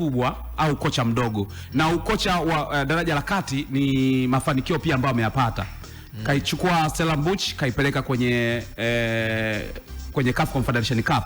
mkubwa au kocha mdogo, na ukocha wa uh, daraja la kati ni mafanikio pia ambayo ameyapata mm. Kaichukua Stellenbosch kaipeleka kwenye eh, kwenye CAF Confederation Cup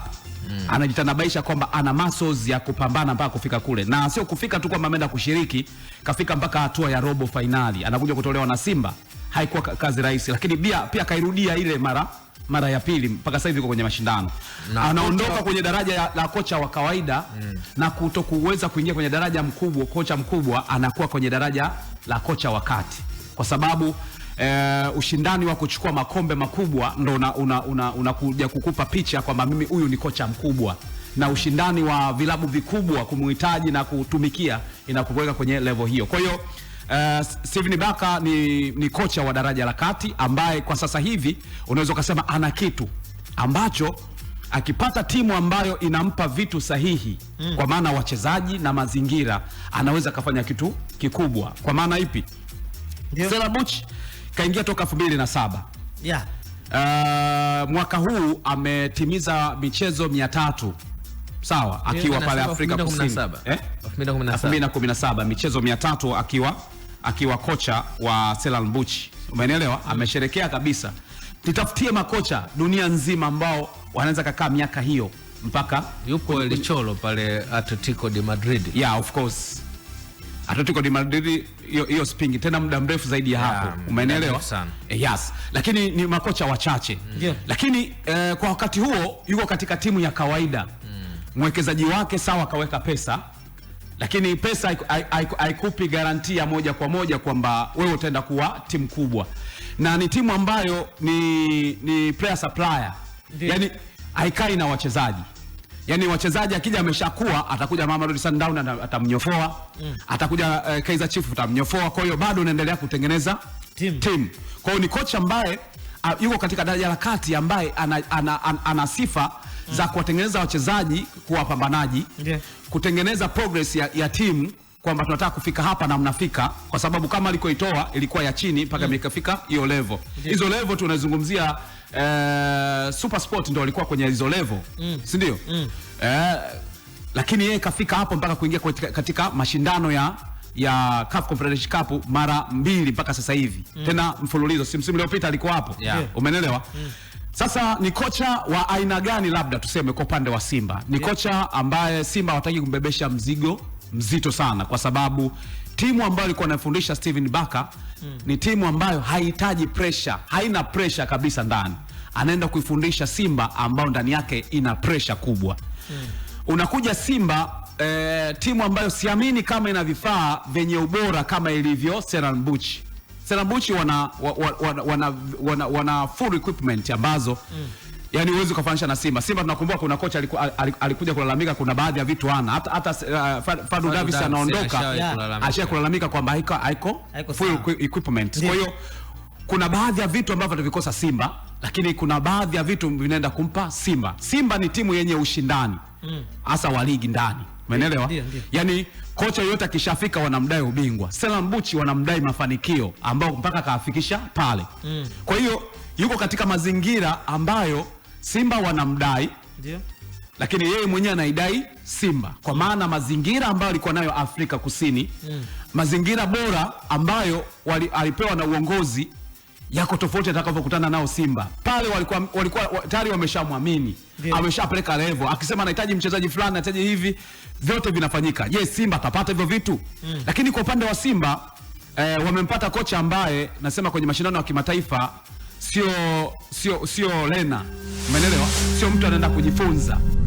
mm. Anajitanabaisha kwamba ana muscles ya kupambana mpaka kufika kule, na sio kufika tu kwamba ameenda kushiriki, kafika mpaka hatua ya robo fainali, anakuja kutolewa na Simba. Haikuwa kazi rahisi, lakini pia, pia kairudia ile mara mara ya pili mpaka sasa hivi kwenye mashindano na anaondoka kwenye daraja la kocha wa kawaida mm. na kutokuweza kuingia kwenye daraja mkubwa, kocha mkubwa anakuwa kwenye daraja la kocha wa kati, kwa sababu e, ushindani wa kuchukua makombe makubwa ndo unakuja una, una, una kukupa picha kwamba mimi huyu ni kocha mkubwa, na ushindani wa vilabu vikubwa kumuhitaji na kutumikia inakuweka kwenye level hiyo, kwa hiyo Uh, Steven Baka ni, ni kocha wa daraja la kati ambaye kwa sasa hivi unaweza ukasema ana kitu ambacho akipata timu ambayo inampa vitu sahihi mm. Kwa maana wachezaji na mazingira, anaweza akafanya kitu kikubwa. Kwa maana ipi? yeah. Selabuch kaingia toka 2007 yeah. Uh, mwaka huu ametimiza michezo 300 sawa, akiwa pale Afrika Kusini eh? 2017 michezo 300 akiwa akiwa kocha wa Selal Mbuchi, mm. Amesherekea kabisa. Nitafutie makocha dunia nzima ambao wanaweza kakaa miaka hiyo mpaka yupo Elicholo pale Atletico de Madrid. Yeah, of course. Atletico de Madrid hiyo spingi tena muda mrefu zaidi ya hapo yeah, umeelewa? Eh, yes. Lakini ni makocha wachache. Mm. Yeah. Lakini eh, kwa wakati huo yuko katika timu ya kawaida. Mm. Mwekezaji wake sawa kaweka pesa lakini pesa haikupi garantia moja kwa moja kwamba wewe utaenda kuwa timu kubwa, na ni timu ambayo ni, ni player supplier, yani haikai na wachezaji yani wachezaji akija ameshakuwa atakuja Rudi Sundown atamnyofoa, mm. atakuja uh, Kaizer Chiefs atamnyofoa. Kwa hiyo bado unaendelea kutengeneza timu team. Kwa hiyo ni kocha ambaye uh, yuko katika daraja la kati ambaye ana, ana, ana, ana sifa za kuwatengeneza wachezaji kuwa wapambanaji yeah. kutengeneza progress ya, ya timu kwamba tunataka kufika hapa na mnafika, kwa sababu kama alikoitoa ilikuwa ya chini mpaka mlikafika mm. hiyo level hizo yeah. level tunazungumzia eh, Super Sport ndio alikuwa kwenye hizo level mm. si ndio? mm. eh, lakini yeye kafika hapo mpaka kuingia katika mashindano ya ya CAF Confederation Cup mara mbili mpaka sasa hivi mm. tena mfululizo, si msimu uliopita alikuwa hapo yeah. Umenelewa mm. Sasa ni kocha wa aina gani, labda tuseme kwa upande wa Simba ni yeah, kocha ambaye Simba hawataki kumbebesha mzigo mzito sana, kwa sababu timu ambayo alikuwa anafundisha Steven Baka mm, ni timu ambayo haihitaji pressure, haina pressure kabisa ndani. Anaenda kuifundisha Simba ambayo ndani yake ina pressure kubwa mm. Unakuja Simba eh, timu ambayo siamini kama ina vifaa vyenye ubora kama ilivyo Seranbuchi Serabuchi wana, wana, wana, wana, wana full equipment ambazo mm. Yani huwezi kufananisha na Simba. Simba tunakumbuka kuna kocha alikuja kulalamika kuna baadhi ya vitu ana hata, hata uh, eh, Fadu Davis anaondoka ashia kulalamika kwamba haiko, haiko full equipment. Kwa hiyo kuna baadhi ya vitu ambavyo atavikosa Simba, lakini kuna baadhi ya vitu vinaenda kumpa Simba. Simba ni timu yenye ushindani hmm. hasa mm. wa ligi ndani Umeelewa? Yaani kocha yoyote akishafika wanamdai ubingwa. Selam Buchi wanamdai mafanikio ambao mpaka kaafikisha pale. Mm. Kwa hiyo yuko katika mazingira ambayo Simba wanamdai. Ndio. Lakini yeye mwenyewe anaidai Simba kwa mm. maana mazingira ambayo alikuwa nayo Afrika Kusini. Mm. Mazingira bora ambayo wali, alipewa na uongozi yako tofauti atakavyokutana nao Simba pale, walikuwa walikuwa tayari wameshamwamini, ameshapeleka level, akisema anahitaji mchezaji fulani, anahitaji hivi, vyote vinafanyika. Je, yes, Simba atapata hivyo vitu mm. Lakini kwa upande wa Simba eh, wamempata kocha ambaye nasema kwenye mashindano ya kimataifa sio sio sio lena, umeelewa? Sio mtu anaenda kujifunza